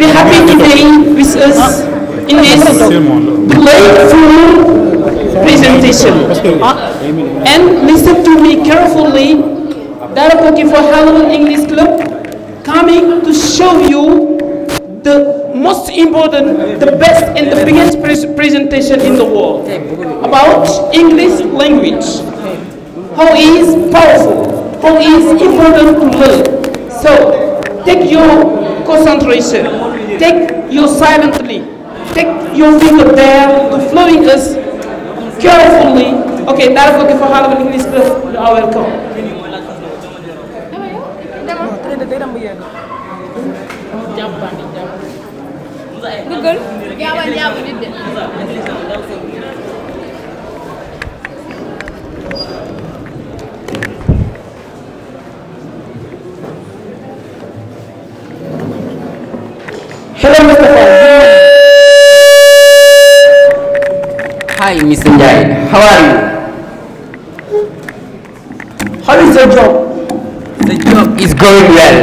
We happy today with us ah. in this presentation. Ah. And listen to me carefully. Darakoki for Halloween English Club coming to show you the most important, the best and the biggest presentation in the world about English language. How is powerful, how is important to learn. So take your concentration. Take you silently. Take your finger there to following us carefully. Okay, that is okay for Harlem and You are welcome. Hello, Mr. Fawzi. Hi, Mr. How are you? How is your job? The job is going well.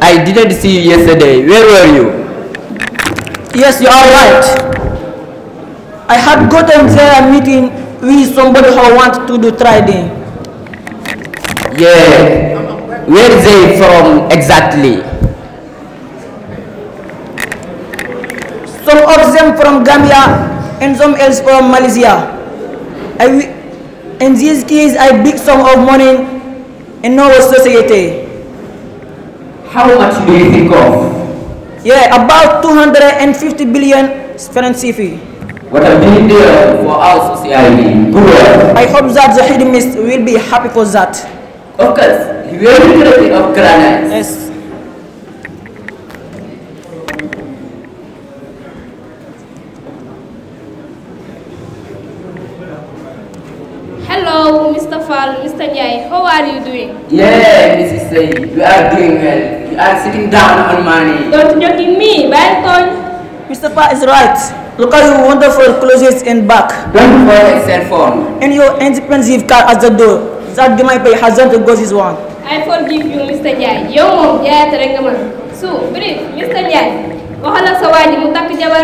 I didn't see you yesterday. Where were you? Yes, you are right. I had gotten there a meeting with somebody who wants to do trading. Yeah. Where they from exactly? Some of them from Gambia and from Malaysia. in these case, I big sum of money in our society. How much billion francs CFA. I hope that the hedonist will be happy for that. Of course, he will be of granite. Yes. Fall, Mr. Njai, how are you doing? Yeah, Mrs. Say, you are doing well. You are sitting down on money. Don't joke in me, Barton. Mr. Pa is right. Look at wonderful clothes and back. Don't your expensive car at the door. That my pay hasn't got his one. I forgive you, Mr. Njai. Yow moom jaayaate rek So, bref, Mr. Njai, waxal ak sa waa ji mu takk jabar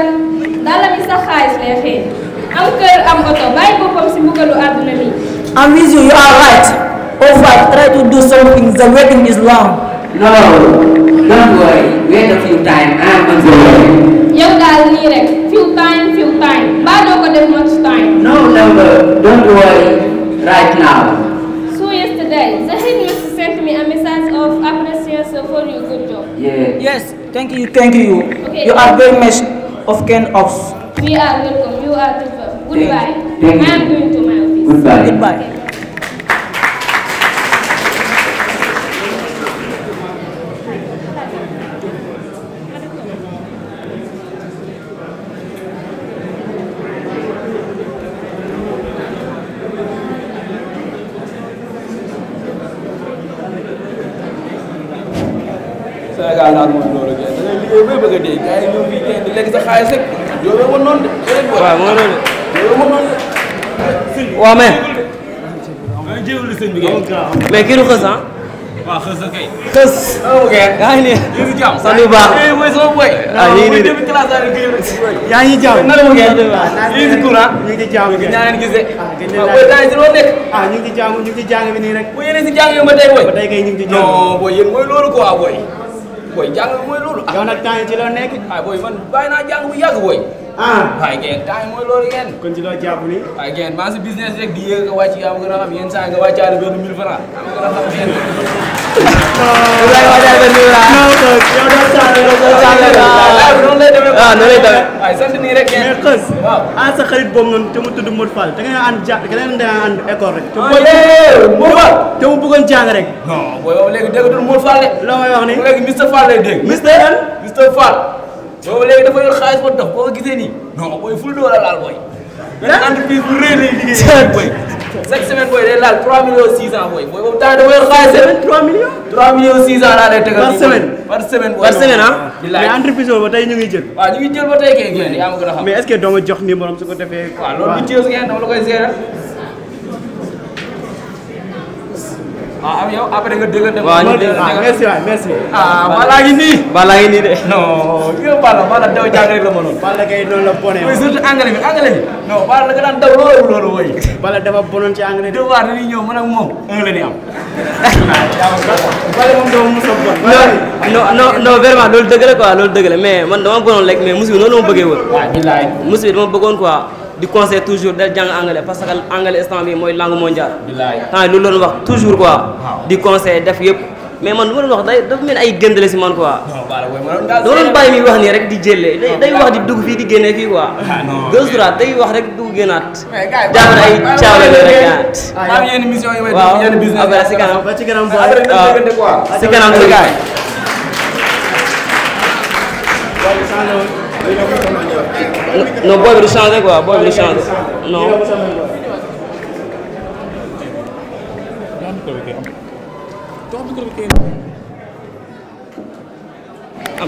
daala mi sax xaalis lay am kër am oto bàyyi boppam si mbugalu àdduna mi I'm with you, you are right. Over, oh, try to do something, the waiting is long. No, don't worry, wait a few time, I am on the way. yow daal nii rek few time, few time, baa doo ko def much time. No, never, don't worry, right now. So yesterday, the headmaster sent me a message of appreciation for your good job. Yeah. Yes, thank you, thank you. Okay. You are very much of kin of. We are welcome, you are too. Goodbye. Thank you. I am going to my goodbye. goodbye. Sénégal daal moom loolu kenn da ngay liggéey ba bëgg a dee gars yi ñoom fii kenn di lekk sa xaalis rek yow yaa woon noonu de. waaw moo loolu de yow yaa woon noonu de. waaw mais. mais kii du xës ah. waaw xës la kay. xës. Ah, ok yaa ngi nii. Eh, ah, yaa ngi jàmm sax du baax. ah yéen ñii de. yaa ngi jàmm. nan la ma gën ñu ngi courant. Ah, ñu ngi jàmm gën ñaa leen gisee. ah ñu ngi jàmm ñu ngi jàng bi nii rek. bu yéen si jàng yi ba tey booy. ba tey kay ñu ngi ci jàng. non booy yéen mooy loolu quoi booy. booy jàng mooy loolu. yow nag temps yi ci la nekk. ah booy man bàyyi naa jàng bu yàgg booy. ah waaye ngeen temps ci loo jàpp ni. waaye business rek di yéeg a a nga wàccaale benn 1000 francs. am nga gën a xam yéen. waaw noonu lay demee waaye sant nii ngeen. mais ja da ngay ànd école rek. te mu bëggoon jàng rek. non booy yow ni Mister Fall boobu léegi dafa yor xaalis ba dox boo ko gisee nii non booy ful doo la laal booy. benn entreprise bu rëy lay liggéeyee booy. chaque semaine booy laal 3 millions 600 booy booy boobu temps dafa yor xaalis semaine 3 millions. 3 millions 600 laa lay tegal. par semaine par semaine par semaine ah. mais entreprise boobu ba tey ñu ngi jël. waaw ñu ngi jox numéro am su ko defee. waaw yow après nga dégg nga. waaw ñu dégg ah merci waay merci. ah balaa ngi nii. balaa ngi nii de. non yow Balla Balla daw jàng rek la mënoon. Balla kay noonu la bonee. mais surtout anglais bi anglais bi. non Balla da nga daan daw loolu loolu woy. Balla dafa bonoon ci anglais bi. deux fois dañuy ñëw man ak moom un la ñu am. Balla moom dama mos a bon. non non non vraiment loolu dëgg la quoi loolu dëgg la mais man dama bonoon rek mais musu bi noonu la ma bëggee woon. waaw ah, bilaay eh. musu bi dama bëggoon quoi. di conseil toujours del jàng anglais parce que anglais instant mooy langue mondiale temps loolu wax toujours quoi di conseil def yëpp mais man lu ma doon wax day dafa mel ay gëndale si man quoi dama doon bàyyi muy wax nii rek di jëlee day day wax di dugg fii di génnee fii quoi gauche droite day wax rek dugg génnaat jàpp ay caawale rek génnaat waaw après si kanam si kanam si kanam non booy bi du changé quoi booy bi non. Ah,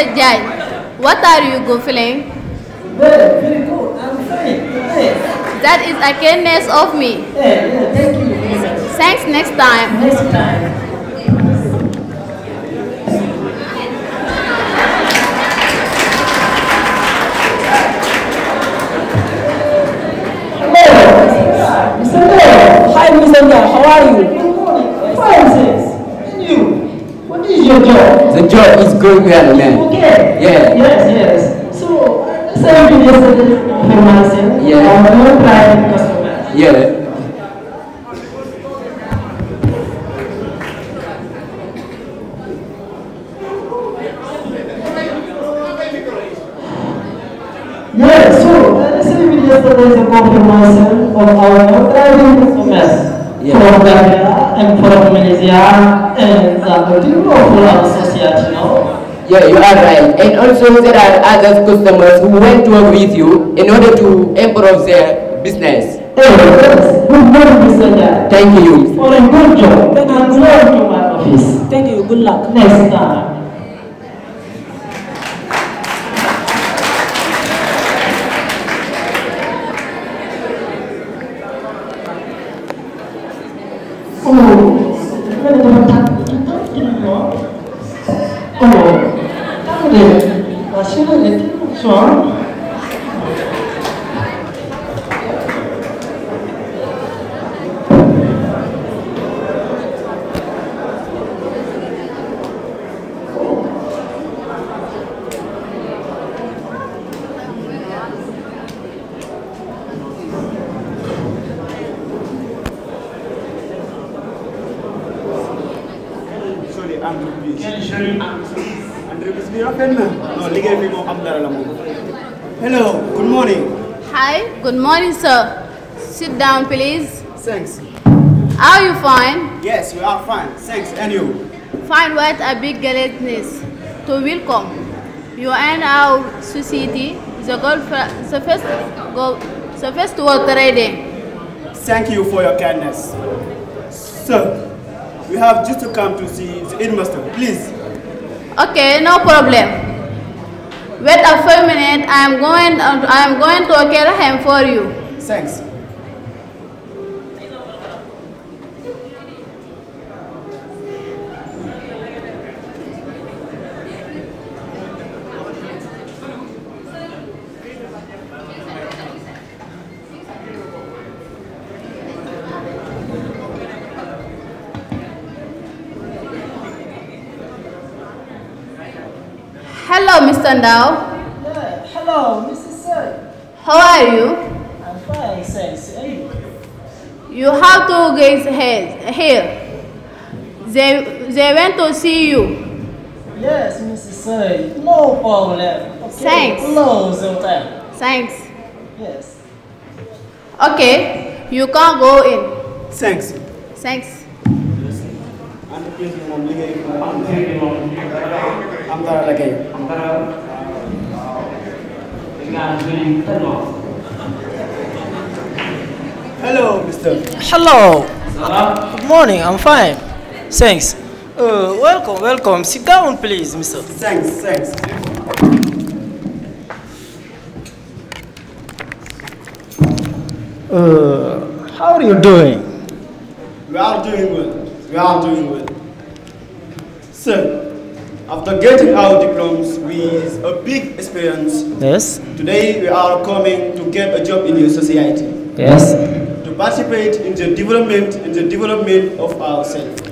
Mr. Jai, what are you googling? That is a kindness of me. Thanks next time. Next time. Hello, Mr. Leo. Hi, Mr. Leo. How are you? the is going well, man. Okay. Yeah. Yes, yes. So, serving is a human Yeah. I'm no private customer. Yeah. Yeah, so uh, receiving yesterday is a confirmation of our driving customers yeah. from Gambia Empowerment and the people of society, no? Yeah, you are right. And also there are other customers who went to work with you in order to improve their business. Oh, yes, good morning, Mr. Jack. Thank you. For a good job. Thank you. Good luck. Next time. 어머. 어머. 따로 돼. 나 신혼에 태국 수학. entreprise. entreprise bi rafet na. non liggéey bi moom am dara la moom. hello good morning. hi good morning sir. sit down please. thanks. are you fine. yes we are fine thanks and you. fine what a big greatness to welcome you and our society the goal the first goal the first world trading. thank you for your kindness. sir. we have just to come to see the headmaster, please. Okay, no problem. Wait a few minutes. I am going. to care him for you. Hello, Mr. Ndao. Hello, Mrs. Sir. How are you? You have two guys here. They, they went to see you. Thanks. Thanks. Yes. you can go in. Thanks. entreprise bi moom liggéey bi moom am am dara la kay. am dara uh, Hello, mister. Hello. Good morning. I'm fine. Thanks. Uh, welcome, welcome. Sit down, please, mister. Thanks, thanks. Uh, how are you doing? We are doing well. we are doing well. after getting our diplomas with a big experience, today we are coming to get a job in your society. Yes. To participate in the development in the development of ourselves.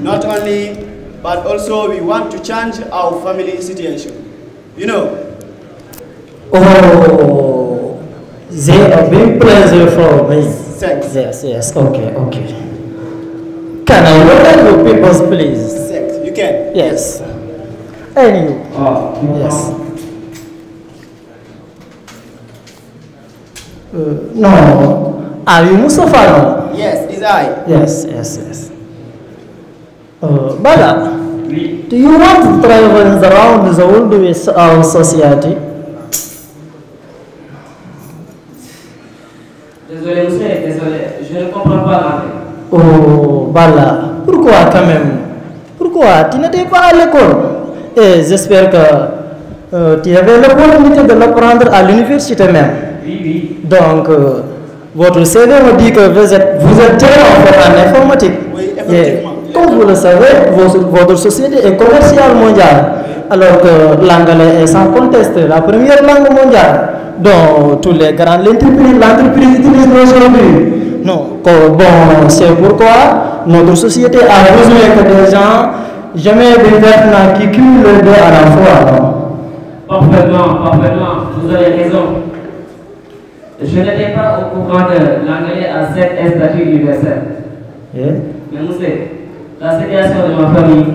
Not only, but also we want to change our family situation. You know. Oh, they are big pleasure for me. yes, okay, okay. Can I order two papers, please? Six. You can? Yes. And you? Oh, no. Yes. Uh, no. Are you Mustafa? No? Yes, it's I. Yes, yes, yes. Uh, Bala, do you want to travel around the world with our society? là, a quand même Pourquoi tu n'étais pas à l'école Et j'espère que euh, tu avais l'opportunité de l'apprendre à l'université même. Donc, euh, votre CV me dit que vous êtes, vous êtes en informatique. Oui, effectivement. Et, comme vous le savez, votre, société est commerciale mondiale, alors que l'anglais est sans conteste la première langue mondiale dont tous les grands l'entreprise, l'entreprise Non, c'est pourquoi notre société a besoin que des gens jamais des qui culent les deux à la fois. Non? Parfaitement, parfaitement, vous avez raison. Je n'étais pas au courant de l'anglais à cet statut universel. Yeah. Mais monsieur, la situation de ma famille,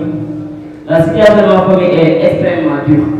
la situation de ma famille est extrêmement dure.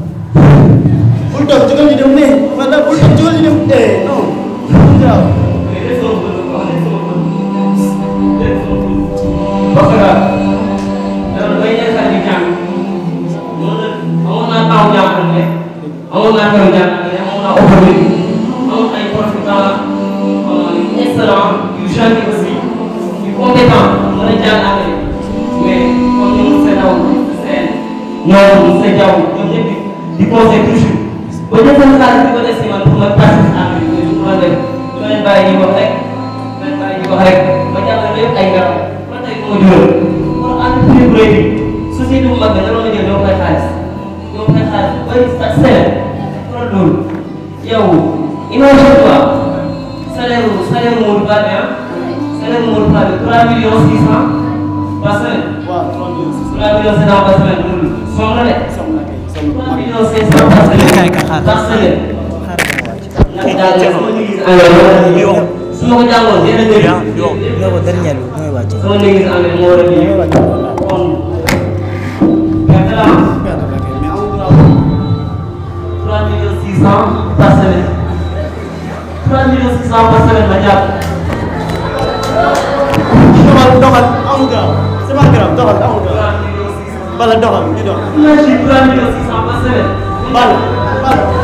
bu toog jógal ñu dem mais wala bu toog jógal ñu dem eh non waaw. bokk naa dara bay ñaan sax di ñaan loolu nag amoon naa taw jàpp ne amoon naa taw jàpp ne amoon naa opportunité 3 millions 600 par semaine. waaw 3 millions 600 3 millions 600 par semaine loolu soxla de. soxla kay soxla 3 millions 500 par semaine. par semaine. xaaral ma wàcc. su ma ko jàngoon dina dégg. yow dernier bi mooy wàcc. sama néegis amee moo war a ñëw kon. perte la am. 3 millions 600 par semaine. 3 millions 600 par semaine ma jàpp. doxal doxal amul garaaw c'est pas grave doxal amul garaaw bala doxal ñu dox. bala bala. voilà.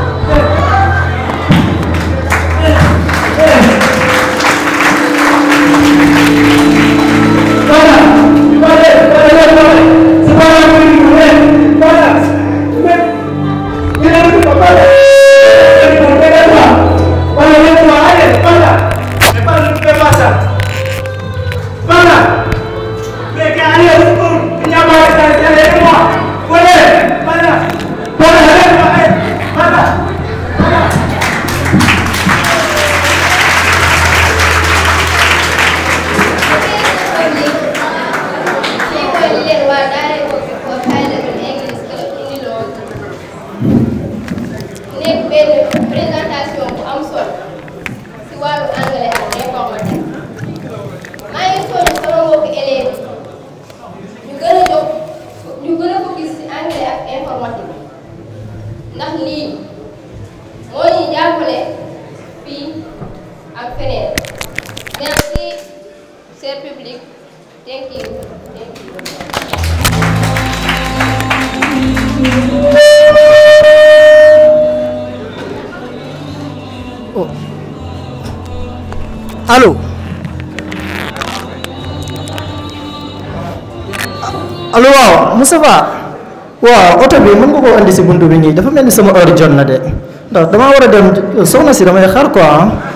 allo allo waaw Moustapha waaw oto bi mën nga koo indi si buntu bi nii dafa mel ni sama heure jot na de ndax damaa war a dem soxna si damay xaar quoi